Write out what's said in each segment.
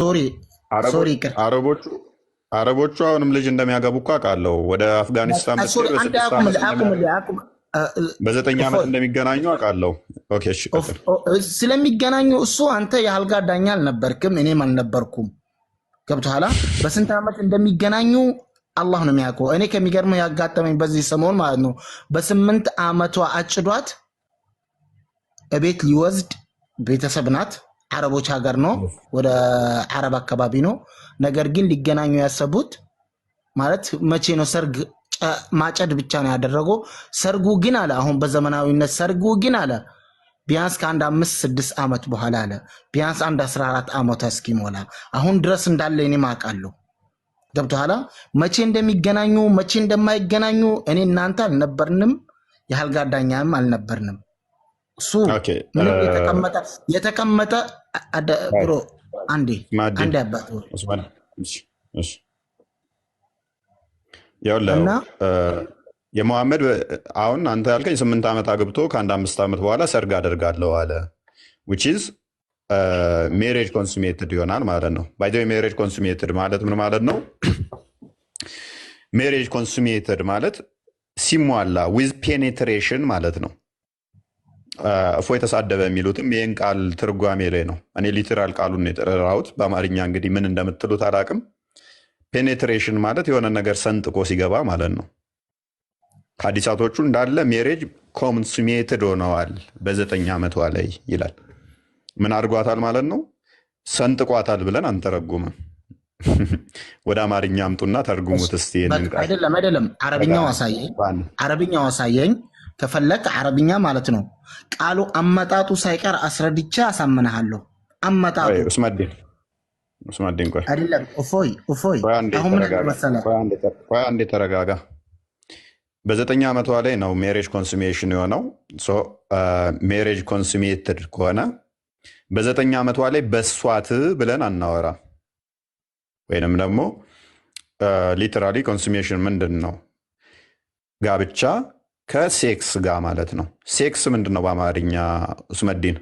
ሶሪ ሶሪ አረቦቹ አረቦቹ አሁንም ልጅ እንደሚያገቡ እኮ አውቃለሁ። ወደ አፍጋኒስታን በዘጠኝ ዓመት እንደሚገናኙ አውቃለሁ። ስለሚገናኙ እሱ አንተ የአልጋ ዳኛ አልነበርክም፣ እኔም አልነበርኩም። ገብቶሃል? በስንት ዓመት እንደሚገናኙ አላህ ነው የሚያውቀው። እኔ ከሚገርመው ያጋጠመኝ በዚህ ሰሞን ማለት ነው በስምንት ዓመቷ አጭዷት እቤት ሊወዝድ ቤተሰብ ናት አረቦች ሀገር ነው፣ ወደ አረብ አካባቢ ነው። ነገር ግን ሊገናኙ ያሰቡት ማለት መቼ ነው ሰርግ ማጨድ ብቻ ነው ያደረገው። ሰርጉ ግን አለ አሁን በዘመናዊነት ሰርጉ ግን አለ ቢያንስ ከአንድ አምስት ስድስት ዓመት በኋላ አለ ቢያንስ አንድ አስራ አራት ዓመቷ እስኪሞላ አሁን ድረስ እንዳለ እኔም አውቃለሁ። ገብቶሃል? መቼ እንደሚገናኙ መቼ እንደማይገናኙ እኔ እናንተ አልነበርንም፣ ያህል ጋዳኛም አልነበርንም። እሱ የተቀመጠ የተቀመጠ ብሮ አንዴ አንዴ አባት የመሐመድ አሁን አንተ ያልከኝ ስምንት ዓመት አግብቶ ከአንድ አምስት ዓመት በኋላ ሰርግ አደርጋለሁ አለ። ዊች ኢዝ ሜሬጅ ኮንሱሜትድ ይሆናል ማለት ነው። ባይ ሜሬጅ ኮንሱሜትድ ማለት ምን ማለት ነው? ሜሬጅ ኮንሱሜትድ ማለት ሲሟላ ዊዝ ፔኔትሬሽን ማለት ነው። እፎይ ተሳደበ የሚሉትም ይህን ቃል ትርጓሜ ላይ ነው። እኔ ሊትራል ቃሉን የጠራሁት በአማርኛ እንግዲህ ምን እንደምትሉት አላቅም። ፔኔትሬሽን ማለት የሆነ ነገር ሰንጥቆ ሲገባ ማለት ነው። ከአዲሳቶቹ እንዳለ ሜሬጅ ኮንሱሜትድ ሆነዋል በዘጠኝ ዓመቷ ላይ ይላል። ምን አድርጓታል ማለት ነው? ሰንጥቋታል ብለን አንተረጉምም። ወደ አማርኛ አምጡና ተርጉሙት እስኪ። አይደለም አይደለም፣ አረብኛው አሳየኝ፣ አረብኛው አሳየኝ ከፈለክ አረብኛ ማለት ነው። ቃሉ አመጣጡ ሳይቀር አስረድቼ አሳምንሃለሁ። አመጣጡ ተረጋጋ። በዘጠኝ ዓመቷ ላይ ነው ሜሬጅ ኮንሱሜሽን የሆነው። ሜሬጅ ኮንሱሜትድ ከሆነ በዘጠኝ ዓመቷ ላይ በሷት ብለን አናወራ። ወይንም ደግሞ ሊተራሊ ኮንሱሜሽን ምንድን ነው? ጋብቻ ከሴክስ ጋር ማለት ነው። ሴክስ ምንድን ነው በአማርኛ ስመዲን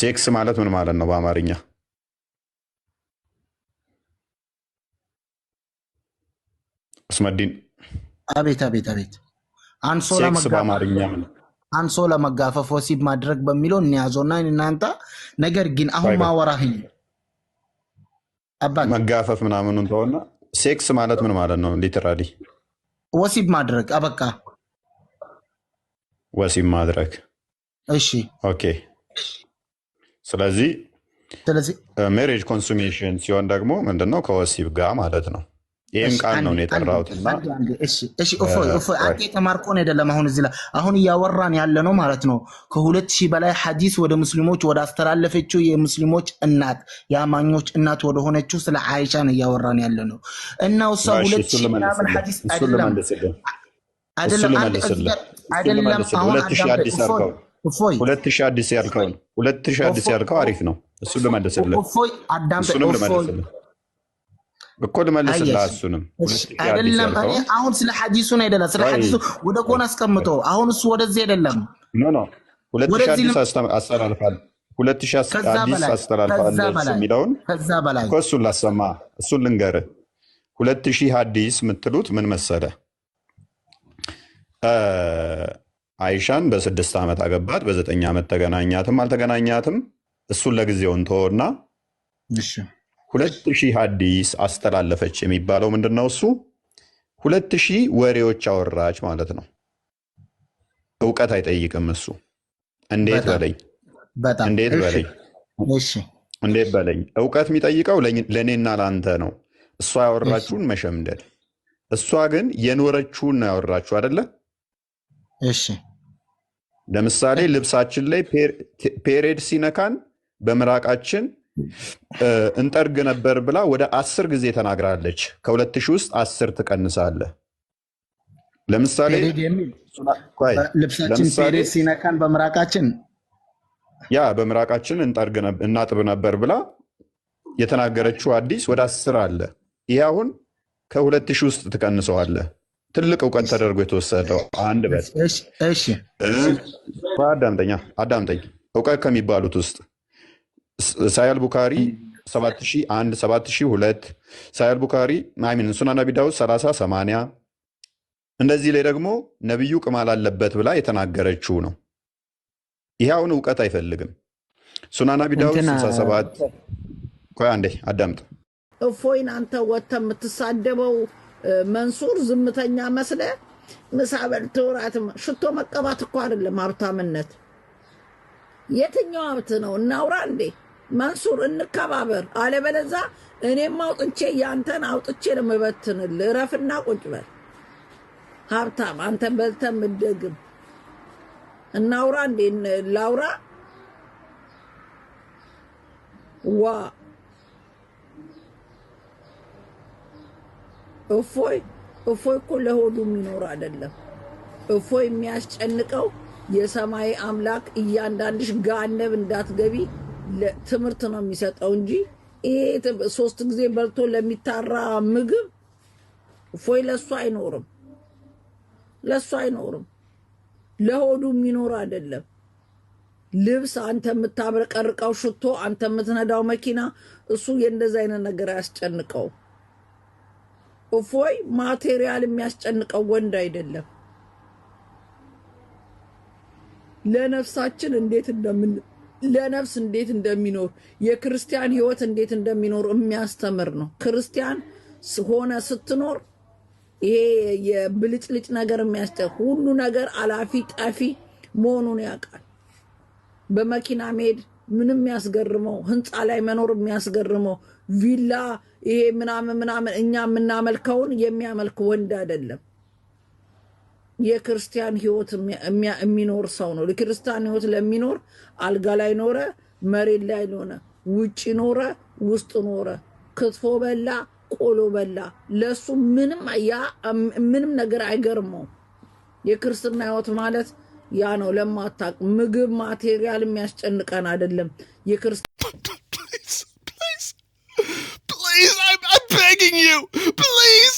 ሴክስ ማለት ምን ማለት ነው በአማርኛ? ሱመዲን አቤት አቤት አቤት። አንሶ ለመጋፈፍ ወሲብ ማድረግ በሚለው እንያዞና እናንተ ነገር ግን አሁን ማወራህኝ አባት መጋፈፍ ምናምኑን ተሆና ሴክስ ማለት ምን ማለት ነው? ሊትራሊ ወሲብ ማድረግ አበቃ። ወሲብ ማድረግ እሺ፣ ኦኬ። ስለዚህ ሜሬጅ ኮንሱሜሽን ሲሆን ደግሞ ምንድነው ከወሲብ ጋር ማለት ነው። ይህም ቃል ነው የጠራሁት። እና አንተ የተማርከውን አይደለም። አሁን እዚህ ላይ አሁን እያወራን ያለ ነው ማለት ነው። ከሁለት ሺህ በላይ ሀዲስ ወደ ሙስሊሞች ወደ አስተላለፈችው የሙስሊሞች እናት የአማኞች እናት ወደ ሆነችው ስለ አይሻ ነው እያወራን ያለ ነው። እና እሷ ሁለት ሺህ ምናምን ሐዲስ አይደለም አይደለም። ሁለት ሺህ አዲስ ያልከውን ሁለት ሺህ አዲስ ያልከው አሪፍ ነው። እሱን ልመልስልህ፣ እሱንም ልመልስልህ እኮ ልመልስልህ እሱንም አይደለም። አሁን ስለ ሐዲሱን አይደለም፣ ስለ ሐዲሱ ወደ ጎን አስቀምጦ አሁን እሱ ወደዚህ አይደለም። ኖ ኖ አስተላልፋል፣ ሁለት ሺህ አዲስ አስተላልፋል የሚለውን እሱን ላሰማ፣ እሱን ልንገር ሁለት ሺህ አዲስ የምትሉት ምን መሰለ አይሻን በስድስት ዓመት አገባት፣ በዘጠኝ ዓመት ተገናኛትም አልተገናኛትም፣ እሱን ለጊዜውን ተወና ሁለት ሺህ ሀዲስ አስተላለፈች የሚባለው ምንድን ነው? እሱ ሁለት ሺህ ወሬዎች አወራች ማለት ነው። እውቀት አይጠይቅም። እሱ እንዴት በለኝ እንዴት በለኝ እንዴት በለኝ። እውቀት የሚጠይቀው ለእኔና ለአንተ ነው። እሷ ያወራችሁን መሸምደድ፣ እሷ ግን የኖረችውን ነው ያወራችሁ አይደለ? እሺ ለምሳሌ ልብሳችን ላይ ፔሬድ ሲነካን በምራቃችን እንጠርግ ነበር ብላ ወደ አስር ጊዜ ተናግራለች። ከሁለት ሺህ ውስጥ አስር ትቀንሳለ። ለምሳሌ ልብሳችን ሲነካን በምራቃችን ያ በምራቃችን እናጥብ ነበር ብላ የተናገረችው አዲስ ወደ አስር አለ። ይህ አሁን ከሁለት ሺህ ውስጥ ትቀንሰዋለ። ትልቅ እውቀት ተደርጎ የተወሰደው አንድ በት አዳምጠኛ አዳምጠኝ እውቀት ከሚባሉት ውስጥ ሳያል ቡካሪ 7001 7002 ሳያል ቡካሪ ማሚን ሱና ነቢ ዳውድ 30 80 እንደዚህ ላይ ደግሞ ነቢዩ ቅማል አለበት ብላ የተናገረችው ነው። ይህ አሁን እውቀት አይፈልግም። ሱና ነቢ ዳውድ 67 ቆይ አንዴ አዳምጥ። እፎይን አንተ ወጥተህ የምትሳደበው መንሱር ዝምተኛ መስለ ምሳ በልቶ ሽቶ መቀባት እኮ አይደለም ሀብታምነት። የትኛው ሀብት ነው? እናውራ እንዴ መንሱር እንከባበር፣ አለበለዛ እኔም አውጥቼ ያንተን አውጥቼ ነው እረፍና ቁጭ በል ሀብታም፣ አንተን በልተን ምደግም እናውራ እንዴ ላውራ ዋ እፎይ እፎይ እኮ ለሆዱም ይኖር አይደለም። እፎይ የሚያስጨንቀው የሰማይ አምላክ እያንዳንድሽ ጋነብ እንዳትገቢ ትምህርት ነው የሚሰጠው እንጂ ይሄ ሶስት ጊዜ በልቶ ለሚታራ ምግብ እፎይ ለሱ አይኖርም፣ ለሱ አይኖርም። ለሆዱ የሚኖር አይደለም። ልብስ፣ አንተ የምታብረቀርቀው ሽቶ፣ አንተ የምትነዳው መኪና፣ እሱ የእንደዚ አይነት ነገር አያስጨንቀው። እፎይ ማቴሪያል የሚያስጨንቀው ወንድ አይደለም። ለነፍሳችን እንዴት እንደምን ለነፍስ እንዴት እንደሚኖር የክርስቲያን ህይወት እንዴት እንደሚኖር የሚያስተምር ነው። ክርስቲያን ሆነ ስትኖር ይሄ የብልጭልጭ ነገር የሚያስ ሁሉ ነገር አላፊ ጠፊ መሆኑን ያውቃል። በመኪና መሄድ ምንም የሚያስገርመው ህንፃ ላይ መኖር የሚያስገርመው ቪላ ይሄ ምናምን ምናምን እኛ የምናመልከውን የሚያመልክ ወንድ አይደለም። የክርስቲያን ህይወት የሚኖር ሰው ነው። ለክርስቲያን ህይወት ለሚኖር አልጋ ላይ ኖረ፣ መሬት ላይ ኖረ፣ ውጭ ኖረ፣ ውስጥ ኖረ፣ ክትፎ በላ፣ ቆሎ በላ፣ ለሱ ምንም ያ ምንም ነገር አይገርመው። የክርስትና ህይወት ማለት ያ ነው። ለማታቅ ምግብ ማቴሪያል የሚያስጨንቀን አይደለም። የክርስቲያን Please,